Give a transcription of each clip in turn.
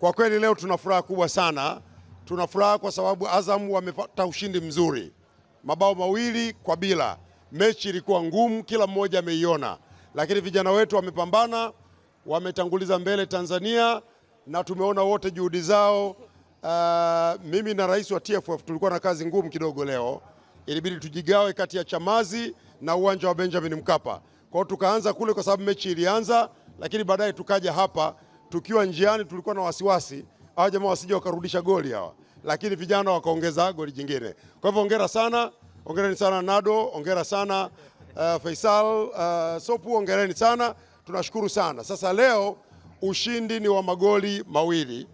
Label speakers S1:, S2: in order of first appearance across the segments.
S1: Kwa kweli leo tuna furaha kubwa sana. Tuna furaha kwa sababu Azam wamepata ushindi mzuri, mabao mawili kwa bila. Mechi ilikuwa ngumu, kila mmoja ameiona, lakini vijana wetu wamepambana, wametanguliza mbele Tanzania na tumeona wote juhudi zao. Uh, mimi na rais wa TFF tulikuwa na kazi ngumu kidogo leo, ilibidi tujigawe kati ya Chamazi na uwanja wa Benjamin Mkapa. Kwa hiyo tukaanza kule kwa sababu mechi ilianza, lakini baadaye tukaja hapa tukiwa njiani tulikuwa na wasiwasi hawa jamaa wasije wakarudisha goli hawa, lakini vijana wakaongeza goli jingine. Kwa hivyo ongera sana, ongereni sana Nado, ongera sana uh, Faisal uh, Sopu, ongereni sana, tunashukuru sana. Sasa leo ushindi ni wa magoli mawili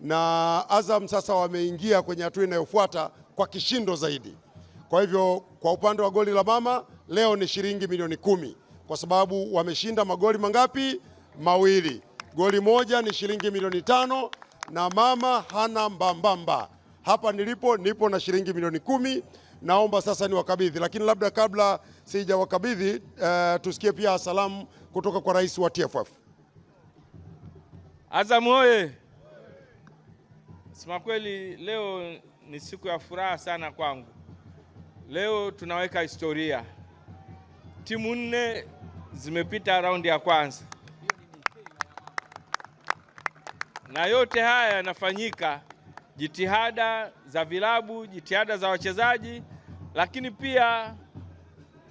S1: na Azam sasa wameingia kwenye hatua inayofuata kwa kishindo zaidi. Kwa hivyo kwa upande wa goli la mama leo ni shilingi milioni kumi kwa sababu wameshinda magoli mangapi? Mawili. Goli moja ni shilingi milioni tano na mama hana mbambamba. Hapa nilipo nipo na shilingi milioni kumi. Naomba sasa ni wakabidhi, lakini labda kabla wakabidhi, uh, eh, tusikie pia salamu kutoka kwa rais wa TFF.
S2: Azam oye! Sema kweli, leo ni siku ya furaha sana kwangu. Leo tunaweka historia, timu nne zimepita raundi ya kwanza na yote haya yanafanyika, jitihada za vilabu, jitihada za wachezaji, lakini pia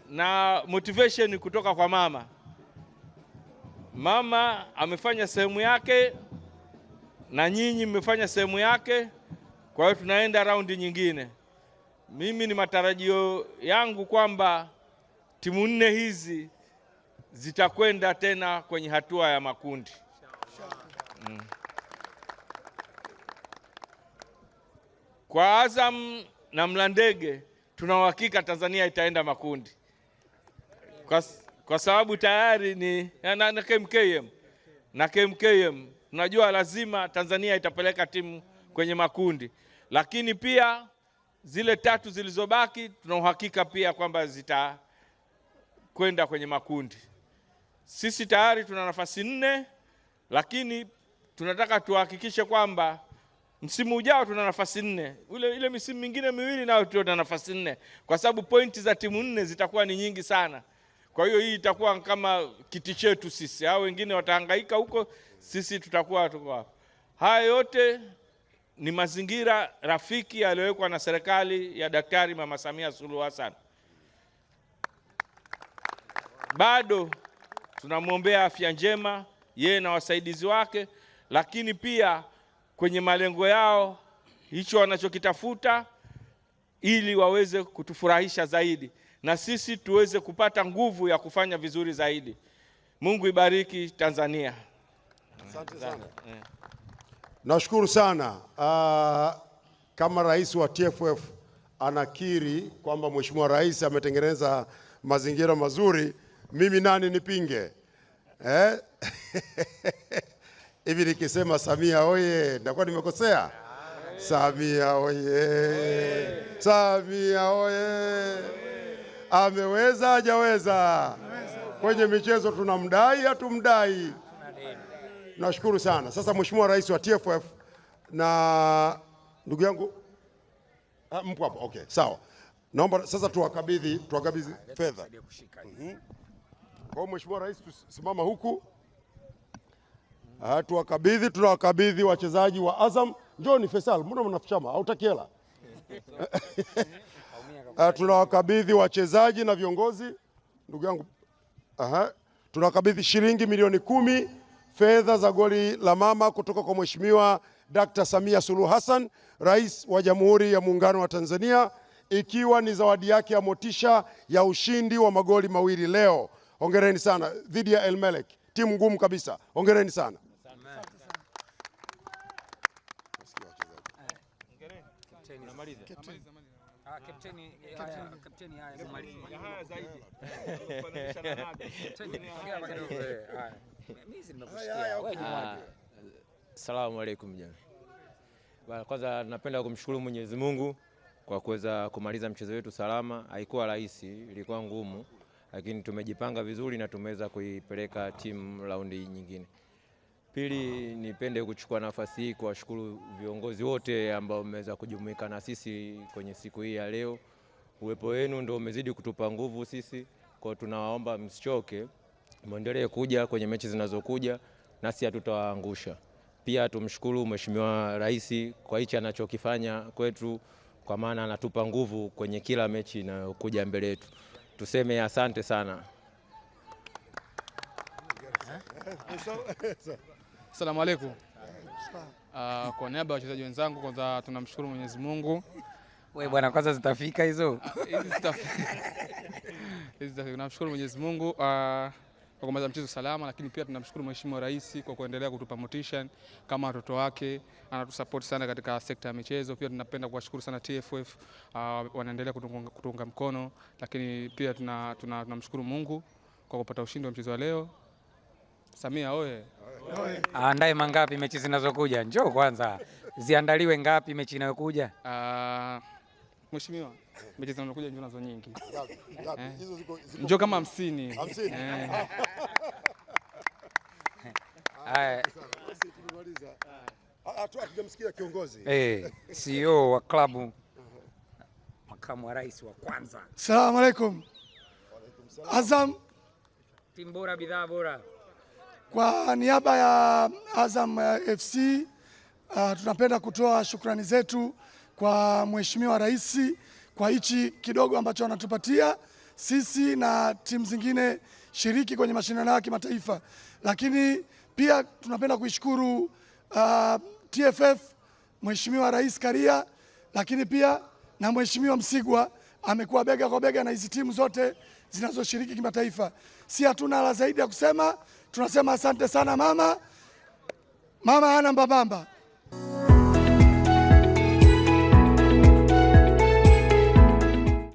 S2: na motivation kutoka kwa mama. Mama amefanya sehemu yake na nyinyi mmefanya sehemu yake, kwa hiyo tunaenda raundi nyingine. Mimi ni matarajio yangu kwamba timu nne hizi zitakwenda tena kwenye hatua ya makundi mm. Kwa Azam na Mlandege tuna uhakika Tanzania itaenda makundi kwa, kwa sababu tayari ni na, na KMKM na KMKM tunajua lazima Tanzania itapeleka timu kwenye makundi, lakini pia zile tatu zilizobaki tuna uhakika pia kwamba zitakwenda kwenye makundi. Sisi tayari tuna nafasi nne, lakini tunataka tuhakikishe kwamba msimu ujao tuna nafasi nne ile, ile misimu mingine miwili nayo tuna nafasi nne kwa sababu pointi za timu nne zitakuwa ni nyingi sana kwa hiyo hii itakuwa kama kiti chetu sisi hao wengine watahangaika huko sisi tutakuwa tuko haya yote ni mazingira rafiki yaliyowekwa na serikali ya daktari mama samia suluhu hassan bado tunamwombea afya njema yeye na wasaidizi wake lakini pia kwenye malengo yao, hicho wanachokitafuta, ili waweze kutufurahisha zaidi na sisi tuweze kupata nguvu ya kufanya vizuri zaidi. Mungu ibariki Tanzania. Asante sana.
S1: Eh. Nashukuru sana. Uh, kama rais wa TFF anakiri kwamba Mheshimiwa Rais ametengeneza mazingira mazuri, mimi nani nipinge eh? hivi nikisema Samia oye, nitakuwa nimekosea? Samia oye! Samia oye! Ameweza hajaweza? Kwenye michezo tunamdai, hatumdai? Nashukuru sana. Sasa Mheshimiwa Rais wa TFF na ndugu yangu ah, mpo hapo, okay, sawa. Naomba sasa tuwakabidhi tuwakabidhi fedha. Mhm. Kwa hiyo Mheshimiwa Rais, tusimama huku tuwakabidhi, tunawakabidhi wachezaji wa Azam. Njoni Faisal, mbona mnafichama? Hautaki hela? Eh, tunawakabidhi wachezaji na viongozi, ndugu yangu, tunawakabidhi shilingi milioni kumi fedha za goli la mama kutoka kwa Mheshimiwa Dkt. Samia Suluhu Hassan, Rais wa Jamhuri ya Muungano wa Tanzania, ikiwa ni zawadi yake ya motisha ya ushindi wa magoli mawili leo. Hongereni sana dhidi ya El timu ngumu kabisa. Hongereni sana. amalize. Ah, kapteni eh,
S3: kapteni, haya Haya zaidi. Uh, salamu alaykum jamii. kwanza napenda kumshukuru Mwenyezi Mungu kwa kuweza kumaliza mchezo wetu salama. Haikuwa rahisi, ilikuwa ngumu, lakini tumejipanga vizuri na tumeweza kuipeleka timu raundi nyingine. Pili, nipende kuchukua nafasi hii kuwashukuru viongozi wote ambao mmeweza kujumuika na sisi kwenye siku hii ya leo. Uwepo wenu ndio umezidi kutupa nguvu sisi, kwa tunawaomba msichoke, mwendelee kuja kwenye mechi zinazokuja, nasi hatutawaangusha. Pia tumshukuru Mheshimiwa Rais kwa hichi anachokifanya kwetu, kwa maana anatupa nguvu kwenye kila mechi inayokuja mbele yetu. Tuseme asante sana.
S4: Asalamu alaykum. Uh, ah, kwa niaba ya wachezaji wenzangu kwanza tunamshukuru Mwenyezi Mungu.
S5: Wewe bwana, kwanza zitafika hizo ah,
S4: tunamshukuru Mwenyezi Mungu uh, kwa kumaliza mchezo salama, lakini pia tunamshukuru Mheshimiwa Rais kwa kuendelea kutupa motisha kama watoto wake, anatusupport sana katika sekta ya michezo. Pia tunapenda kuwashukuru sana TFF, uh, wanaendelea kutunga mkono, lakini pia tunamshukuru tuna, tuna Mungu kwa kupata ushindi wa mchezo wa leo. Samia oye!
S5: Aandae ah, mangapi mechi zinazokuja? Njoo kwanza ziandaliwe ngapi mechi inayokuja? Uh,
S4: mheshimiwa, mechi zinazokuja njoo nazo nyingi eh. Njoo kama hamsini eh. ah,
S5: Hatujamsikia kiongozi eh, CEO wa klabu makamu wa rais wa kwanza.
S6: Asalamu alaikum. Azam,
S7: timu bora, bidhaa bora.
S6: Kwa niaba ya Azam eh, FC uh, ah, tunapenda kutoa shukrani zetu kwa Mheshimiwa Rais kwa hichi kidogo ambacho anatupatia sisi na timu zingine shiriki kwenye mashindano ya kimataifa, lakini pia tunapenda kuishukuru uh, ah, TFF, Mheshimiwa Rais Karia, lakini pia na Mheshimiwa Msigwa amekuwa bega kwa bega na hizi timu zote zinazoshiriki kimataifa. Si hatuna la zaidi ya kusema. Tunasema asante sana mama, mama ana mbabamba.